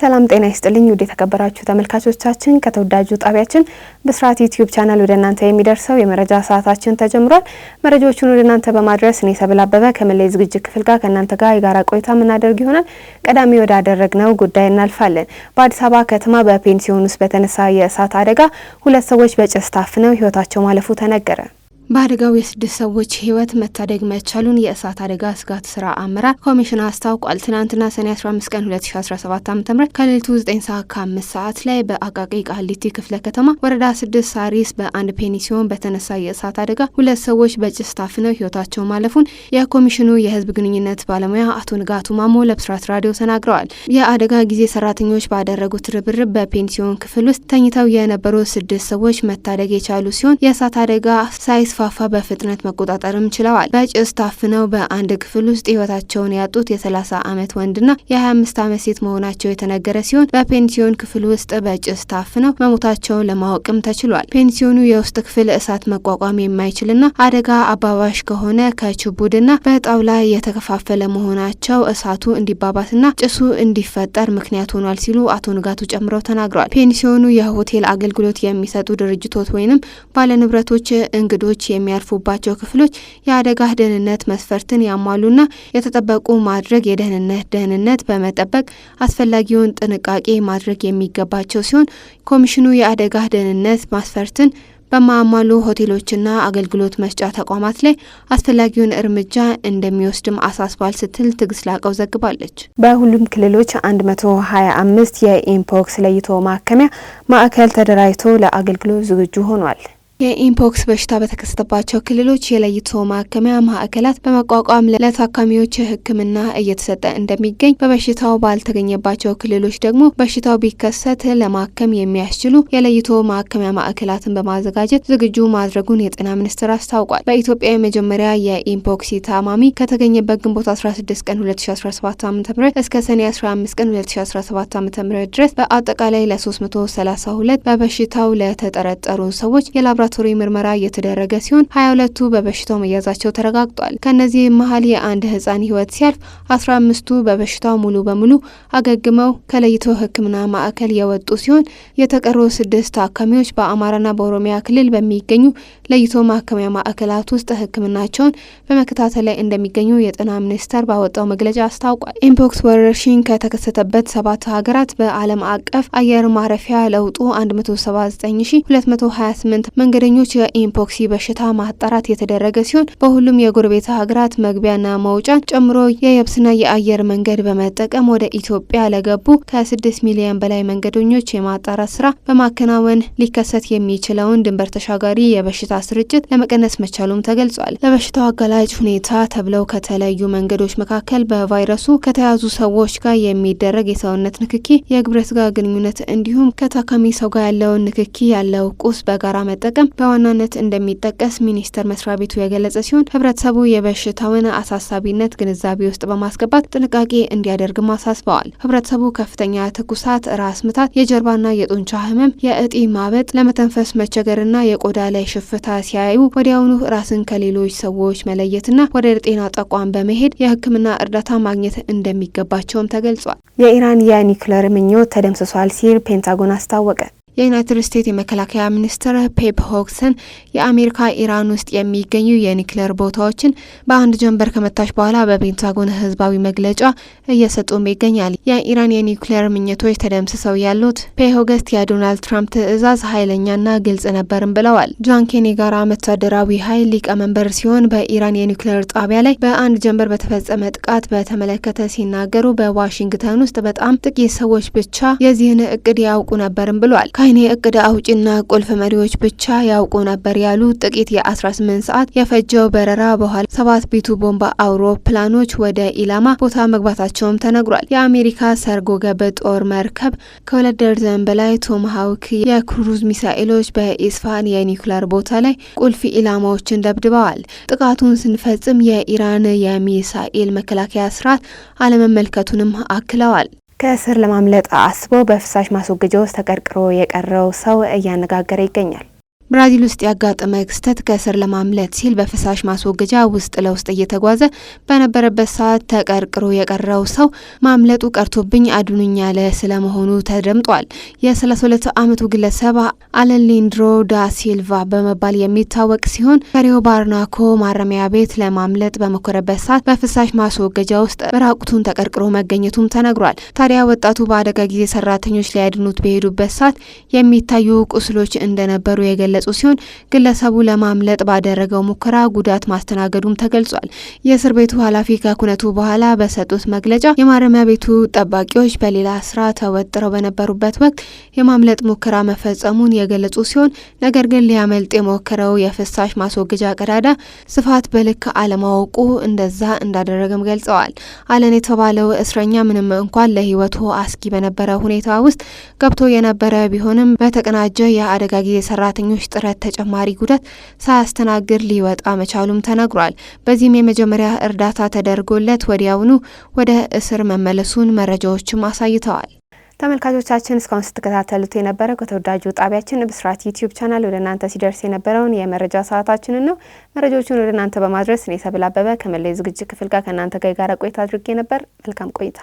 ሰላም ጤና ይስጥልኝ ውድ የተከበራችሁ ተመልካቾቻችን፣ ከተወዳጁ ጣቢያችን ብስራት ዩቲዩብ ቻናል ወደ እናንተ የሚደርሰው የመረጃ ሰዓታችን ተጀምሯል። መረጃዎቹን ወደ እናንተ በማድረስ እኔ ሰብል አበበ ከመላይ ዝግጅት ክፍል ጋር ከእናንተ ጋር የጋራ ቆይታ የምናደርግ ይሆናል። ቀዳሚ ወዳደረግነው ጉዳይ እናልፋለን። በአዲስ አበባ ከተማ በፔንሲዮን ውስጥ በተነሳ የእሳት አደጋ ሁለት ሰዎች በጭስ ታፍነው ህይወታቸው ማለፉ ተነገረ። በአደጋው የስድስት ሰዎች ህይወት መታደግ መቻሉን የእሳት አደጋ ስጋት ስራ አመራር ኮሚሽን አስታውቋል። ትናንትና ሰኔ 15 ቀን 2017 ዓ ም ከሌሊቱ 9 ሰዓት 5 ሰዓት ላይ በአቃቂ ቃሊቲ ክፍለ ከተማ ወረዳ ስድስት ሳሪስ በአንድ ሲሆን በተነሳ የእሳት አደጋ ሁለት ሰዎች በጭስ ታፍነው ህይወታቸው ማለፉን የኮሚሽኑ የህዝብ ግንኙነት ባለሙያ አቶ ንጋቱ ማሞ ለብስራት ራዲዮ ተናግረዋል። የአደጋ ጊዜ ሰራተኞች ባደረጉት ርብርብ በፔኒሲዮን ክፍል ውስጥ ተኝተው የነበሩ ስድስት ሰዎች መታደግ የቻሉ ሲሆን የእሳት አደጋ ሳይስ እንዲስፋፋ በፍጥነት መቆጣጠርም ችለዋል። በጭስ ታፍነው በአንድ ክፍል ውስጥ ህይወታቸውን ያጡት የ30 ዓመት ወንድና የ25 ዓመት ሴት መሆናቸው የተነገረ ሲሆን በፔንሲዮን ክፍል ውስጥ በጭስ ታፍነው መሞታቸውን ለማወቅም ተችሏል። ፔንሲዮኑ የውስጥ ክፍል እሳት መቋቋም የማይችልና አደጋ አባባሽ ከሆነ ከችቡድና በጣውላ የተከፋፈለ መሆናቸው እሳቱ እንዲባባስና ጭሱ እንዲፈጠር ምክንያት ሆኗል ሲሉ አቶ ንጋቱ ጨምረው ተናግረዋል። ፔንሲዮኑ የሆቴል አገልግሎት የሚሰጡ ድርጅቶች ወይንም ባለንብረቶች እንግዶች የሚያርፉባቸው ክፍሎች የአደጋ ደህንነት መስፈርትን ያሟሉና የተጠበቁ ማድረግ የደህንነት ደህንነት በመጠበቅ አስፈላጊውን ጥንቃቄ ማድረግ የሚገባቸው ሲሆን ኮሚሽኑ የአደጋ ደህንነት መስፈርትን በማያሟሉ ሆቴሎችና አገልግሎት መስጫ ተቋማት ላይ አስፈላጊውን እርምጃ እንደሚወስድም አሳስቧል ስትል ትግስት ላቀው ዘግባለች። በሁሉም ክልሎች 125 የኢምፖክስ ለይቶ ማከሚያ ማዕከል ተደራጅቶ ለአገልግሎት ዝግጁ ሆኗል። የኢምፖክስ በሽታ በተከሰተባቸው ክልሎች የለይቶ ማከሚያ ማዕከላት በመቋቋም ለታካሚዎች ሕክምና እየተሰጠ እንደሚገኝ በበሽታው ባልተገኘባቸው ክልሎች ደግሞ በሽታው ቢከሰት ለማከም የሚያስችሉ የለይቶ ማከሚያ ማዕከላትን በማዘጋጀት ዝግጁ ማድረጉን የጤና ሚኒስቴር አስታውቋል። በኢትዮጵያ የመጀመሪያ የኢምፖክሲ ታማሚ ከተገኘበት ግንቦት 16 ቀን 2017 ዓ ም እስከ ሰኔ 15 ቀን 2017 ዓ ም ድረስ በአጠቃላይ ለ332 በበሽታው ለተጠረጠሩ ሰዎች የላብራ ላቦራቶሪ ምርመራ እየተደረገ ሲሆን ሀያ ሁለቱ በበሽታው መያዛቸው ተረጋግጧል። ከእነዚህ መሀል የአንድ ህጻን ህይወት ሲያልፍ አስራ አምስቱ በበሽታው ሙሉ በሙሉ አገግመው ከለይቶ ህክምና ማዕከል የወጡ ሲሆን የተቀሩ ስድስት ታካሚዎች በአማራና በኦሮሚያ ክልል በሚገኙ ለይቶ ማከሚያ ማዕከላት ውስጥ ህክምናቸውን በመከታተል ላይ እንደሚገኙ የጤና ሚኒስቴር ባወጣው መግለጫ አስታውቋል። ኢምፖክስ ወረርሽኝ ከተከሰተበት ሰባት ሀገራት በዓለም አቀፍ አየር ማረፊያ ለውጡ 179228 መንገ መንገደኞች የኢምፖክሲ በሽታ ማጣራት የተደረገ ሲሆን በሁሉም የጎረቤት ሀገራት መግቢያና መውጫን ጨምሮ የየብስና የአየር መንገድ በመጠቀም ወደ ኢትዮጵያ ለገቡ ከስድስት ሚሊዮን በላይ መንገደኞች የማጣራት ስራ በማከናወን ሊከሰት የሚችለውን ድንበር ተሻጋሪ የበሽታ ስርጭት ለመቀነስ መቻሉም ተገልጿል። ለበሽታው አጋላጭ ሁኔታ ተብለው ከተለዩ መንገዶች መካከል በቫይረሱ ከተያዙ ሰዎች ጋር የሚደረግ የሰውነት ንክኪ፣ የግብረ ስጋ ግንኙነት እንዲሁም ከታካሚ ሰው ጋር ያለውን ንክኪ ያለው ቁስ በጋራ መጠቀም ሲሆን በዋናነት እንደሚጠቀስ ሚኒስቴር መስሪያ ቤቱ የገለጸ ሲሆን ህብረተሰቡ የበሽታውን አሳሳቢነት ግንዛቤ ውስጥ በማስገባት ጥንቃቄ እንዲያደርግም አሳስበዋል። ህብረተሰቡ ከፍተኛ ትኩሳት፣ ራስ ምታት፣ የጀርባና የጡንቻ ህመም፣ የእጢ ማበጥ፣ ለመተንፈስ መቸገርና የቆዳ ላይ ሽፍታ ሲያዩ ወዲያውኑ ራስን ከሌሎች ሰዎች መለየትና ወደ ጤና ተቋም በመሄድ የህክምና እርዳታ ማግኘት እንደሚገባቸውም ተገልጿል። የኢራን የኒውክለር ምኞት ተደምስሷል ሲል ፔንታጎን አስታወቀ። የዩናይትድ ስቴትስ የመከላከያ ሚኒስትር ፔፕ ሆክሰን የአሜሪካ ኢራን ውስጥ የሚገኙ የኒክሌር ቦታዎችን በአንድ ጀንበር ከመታች በኋላ በፔንታጎን ህዝባዊ መግለጫ እየሰጡም ይገኛል። የኢራን የኒክሌር ምኝቶች ተደምስሰው ያሉት ፔሆገስት የዶናልድ ትራምፕ ትዕዛዝ ኃይለኛና ግልጽ ነበርም ብለዋል። ጆን ኬኒ ጋራ ወታደራዊ ኃይል ሊቀመንበር ሲሆን በኢራን የኒክሌር ጣቢያ ላይ በአንድ ጀንበር በተፈጸመ ጥቃት በተመለከተ ሲናገሩ በዋሽንግተን ውስጥ በጣም ጥቂት ሰዎች ብቻ የዚህን እቅድ ያውቁ ነበርም ብሏል። አይኔ እቅድ አውጪና ቁልፍ መሪዎች ብቻ ያውቁ ነበር ያሉ ጥቂት የ18 ሰዓት የፈጀው በረራ በኋላ ሰባት ቢቱ ቦምባ አውሮፕላኖች ወደ ኢላማ ቦታ መግባታቸውም ተነግሯል። የአሜሪካ ሰርጎ ገብ ጦር መርከብ ከሁለት ደርዘን በላይ ቶማሃውክ የክሩዝ ሚሳኤሎች በኢስፋን የኒኩለር ቦታ ላይ ቁልፍ ኢላማዎችን ደብድበዋል። ጥቃቱን ስንፈጽም የኢራን የሚሳኤል መከላከያ ስርዓት አለመመልከቱንም አክለዋል። ከእስር ለማምለጥ አስቦ በፍሳሽ ማስወገጃ ውስጥ ተቀርቅሮ የቀረው ሰው እያነጋገረ ይገኛል። ብራዚል ውስጥ ያጋጠመ ክስተት ከእስር ለማምለጥ ሲል በፍሳሽ ማስወገጃ ውስጥ ለውስጥ እየተጓዘ በነበረበት ሰዓት ተቀርቅሮ የቀረው ሰው ማምለጡ ቀርቶብኝ አድኑኝ ያለ ስለመሆኑ ተደምጧል። የ32 ዓመቱ ግለሰብ አለሊንድሮ ዳ ሲልቫ በመባል የሚታወቅ ሲሆን ከሪዮ ባርናኮ ማረሚያ ቤት ለማምለጥ በመኮረበት ሰዓት በፍሳሽ ማስወገጃ ውስጥ ራቁቱን ተቀርቅሮ መገኘቱም ተነግሯል። ታዲያ ወጣቱ በአደጋ ጊዜ ሰራተኞች ሊያድኑት በሄዱበት ሰዓት የሚታዩ ቁስሎች እንደነበሩ የገለ የገለጹ ሲሆን ግለሰቡ ለማምለጥ ባደረገው ሙከራ ጉዳት ማስተናገዱም ተገልጿል። የእስር ቤቱ ኃላፊ ከኩነቱ በኋላ በሰጡት መግለጫ የማረሚያ ቤቱ ጠባቂዎች በሌላ ስራ ተወጥረው በነበሩበት ወቅት የማምለጥ ሙከራ መፈጸሙን የገለጹ ሲሆን ነገር ግን ሊያመልጥ የሞከረው የፍሳሽ ማስወገጃ ቀዳዳ ስፋት በልክ አለማወቁ እንደዛ እንዳደረገም ገልጸዋል። አለን የተባለው እስረኛ ምንም እንኳን ለህይወቱ አስጊ በነበረ ሁኔታ ውስጥ ገብቶ የነበረ ቢሆንም በተቀናጀ የአደጋ ጊዜ ሰራተኞች ጥረት ተጨማሪ ጉዳት ሳያስተናግድ ሊወጣ መቻሉም ተነግሯል። በዚህም የመጀመሪያ እርዳታ ተደርጎለት ወዲያውኑ ወደ እስር መመለሱን መረጃዎችም አሳይተዋል። ተመልካቾቻችን እስካሁን ስትከታተሉት የነበረው ከተወዳጁ ጣቢያችን ብስራት ዩቲዩብ ቻናል ወደ እናንተ ሲደርስ የነበረውን የመረጃ ሰዓታችንን ነው። መረጃዎቹን ወደ እናንተ በማድረስ እኔ ሰብል አበበ ከመለዩ ዝግጅት ክፍል ጋር ከእናንተ ጋር ቆይታ አድርጌ ነበር። መልካም ቆይታ